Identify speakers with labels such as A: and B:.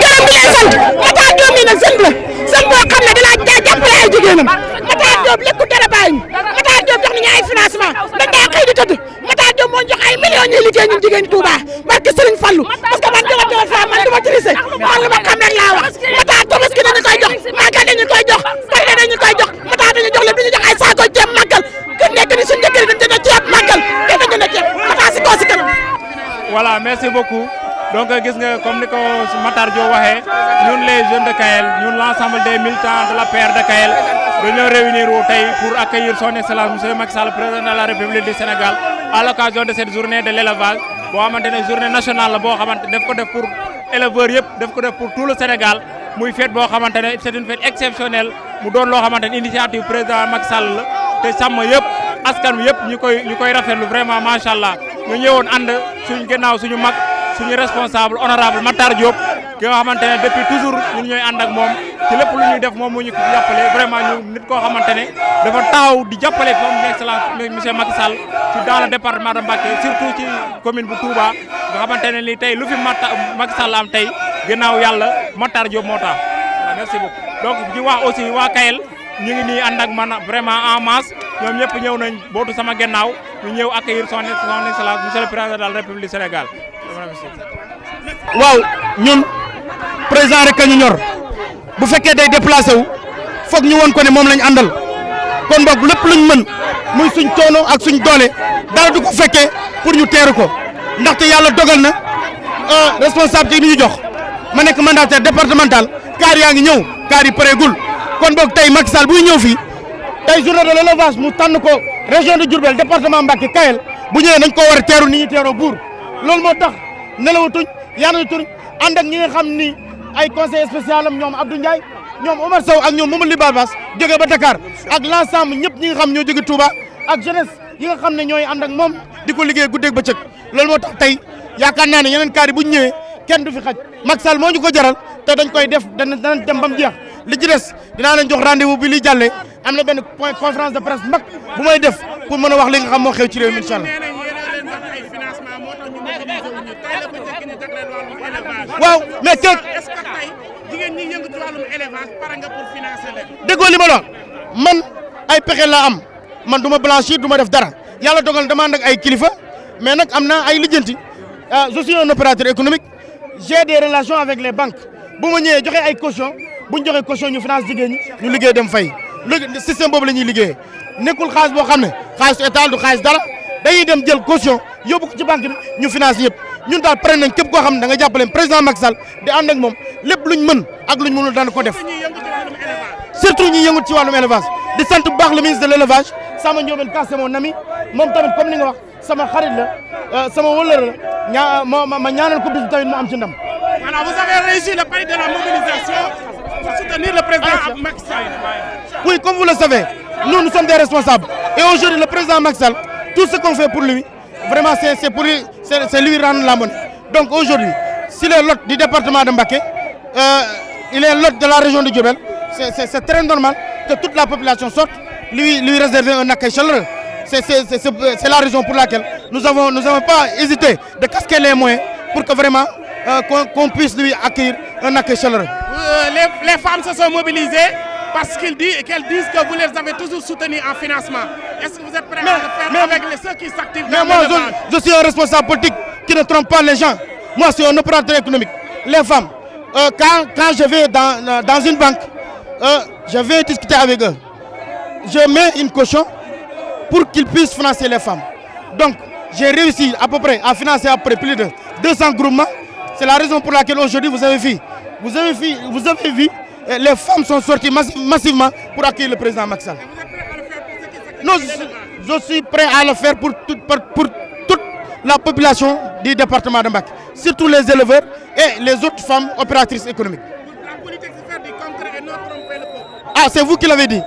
A: suñ gërëm di leen sant Matar Diop mii nag sën la sën boo xam ne dinaa jaa jàppale ay jigéenam Matar Diop lekku dara bàyyi ñu Matar Diop jox nañu ay financement dañ daa xëy di tëdd Matar Diop moo jox ay millions ñuy liggéey ñun jigéen Touba barke Serigne Fallou parce que man joxo joxo fa man du ma trisé man lu ma xam rek laa wax Matar Tabaski dañu koy jox màggal dañu koy jox Korité dañu koy jox Matar dañu jox jox ay saako ceeb màggal ku nekk ni suñu njëkkëri
B: dañ donc gis nga comme ni ko Matar Diop waxee ñun les jeunes de Kael ñun l'ensemble des militants de la PR de Kael dañoo réunir wu tey pour accueillir son excellence monsieur Macky Sall président la République du Sénégal à l'occasion de cette journée de l'élevage boo xamante ne journée nationale boo xamante daf ko def pour éleveurs yëpp daf ko def pour tout le Sénégal muy fête boo xamante ne c'est une fête doon loo xamante ne initiative président Macky Sall la te sàmm yëpp askan wi yëpp ñu koy ñu koy rafetlu vraiment macha allah ñu ñëwoon ànd suñ gannaaw suñu mag. suñu responsable honorable Matar Diop ki nga xamante ne depuis toujours ñun ñooy ànd ak moom ci lépp lu ñuy def moom moo ñu ko jàppale vraiment ñu nit koo xamante ne dafa taaw di jàppale son excellence monsieur Macky Sall ci dans le département de Mbacké surtout ci commune bu Touba nga xamante ne lii tey lu fi Mata Macky am tey ginnaaw yàlla Matar Diop moo tax waaw merci donc di wax aussi waa Kayel ñu ni nii ànd ak man vraiment en masse ñoom ñëpp ñëw nañ bootu sama gannaaw ñu ñëw accueillir son la République du Sénégal
A: waaw ñun président rek a ñu ñor bu fekkee day déplacé wu ñu woon ko ne moom lañ àndal kon boog lépp luñ mën muy suñ coono ak suñ doole dara du ko fekkee pour ñu teeru ko ndaxte yàlla dogal na responsabilité bi ñu jox ma nekk mandataire départemental kaar yaa ngi ñëw kaar yi pareegul kon boog tey Macky Sall buy ñëw fii tey journée de l'élevage mu tànn ko région de Diourbel département Mbacké Kayel bu ñëwee nañ ko war a teeru ni ñuy teeroo buur loolu moo tax nelawatuñ yaanatuñ ànd ak ñi nga xam ni ay conseil spécial am ñoom Abdou Ndiaye ñoom Omar Sow ak ñoom Mamadou Liba Bass jóge ba Dakar ak l'ensemble ñëpp ñi nga xam ñoo jóge Touba ak jeunesse yi nga xam ne ñooy ànd ak moom di ko liggéey guddeeg bëccëg loolu moo tax tey yaakaar naa ne yeneen kaar yi bu ñu ñëwee kenn du fi xaj Macky Sall moo ñu ko jaral te dañ koy def dana danañ dem ba mu jeex li ci des dinaa leen jox rendez-vous bi am na benn point conférence de presse mag bu may def pour mën a wax li nga xam moo xew ci réew financement waaw mais tey est-ce li ma la man ay pexe laa am man du ma blanchir du def dara yàlla dogal dama ànd ak ay kilifa mais nag am na ay lijjanti ah je suis un opérateur économique j'ai des relations avec les banques bu ma ñëwee joxe ay caution bu ñu joxe caution ñu finance jigéen ñu liggéey dem fay. léegi système boobu la ñuy liggéeyee nekkul xaalis boo xam ne xaalis état du xaalis dara. dañuy dem jël caution yóbbu ko ci banque bi ñu finance yëpp ñun daal pare nañ képp koo xam ne da nga jàppale président Macky Sall di ànd ak moom lépp luñ mën ak luñ mënul daan ko def surtout ñu yëngut ci wàllum élevage di sant bu baax le ministre de l' sama Samba Ndiobène Ka c'est mon ami moom tamit comme ni wax sama xarit la euh, sama wëllër ñaa ma ñaanal ko bis tamit mu am ci ndam. voilà vous avez réussi le pari de la mobilisation pour soutenir le président ah, Macky Sall. oui comme président Macky Sall. Tout ce qu'on fait pour lui, vraiment, c'est pour lui, c lui rendre la Donc aujourd'hui, s'il est l'hôte du département de Mbaké, euh, il est l'hôte de la région de Djobel, c'est très normal que toute la population sorte, lui, lui un accueil chaleureux. C'est la raison pour laquelle nous avons, nous n'avons pas hésité de casquer les moyens pour que vraiment euh, qu'on qu puisse lui accueillir un accueil chaleureux. Euh, les femmes se sont mobilisées parce qu'ils disent et qu'elles disent que vous les avez toujours soutenus en financement. Est-ce que vous êtes prêts les, ceux qui s'activent dans moi, le je, suis un responsable politique qui ne trompe pas les gens. Moi, un opérateur économique. Les femmes, euh, quand, je vais euh, dans, une banque, euh, je vais discuter avec eux. Je mets une cochon pour qu'ils puissent financer les femmes. Donc, j'ai réussi à peu près à financer après plus de 200 groupements. C'est la raison pour laquelle aujourd'hui, les femmes sont sorties massivement pour accueillir le président Macky Sall. Non, je, je suis prêt à le faire pour toute, pour, pour toute la population du département de Mbacké, surtout les éleveurs et les autres femmes opératrices économiques. et non tromper le peuple. Ah, c'est vous qui l'avez dit.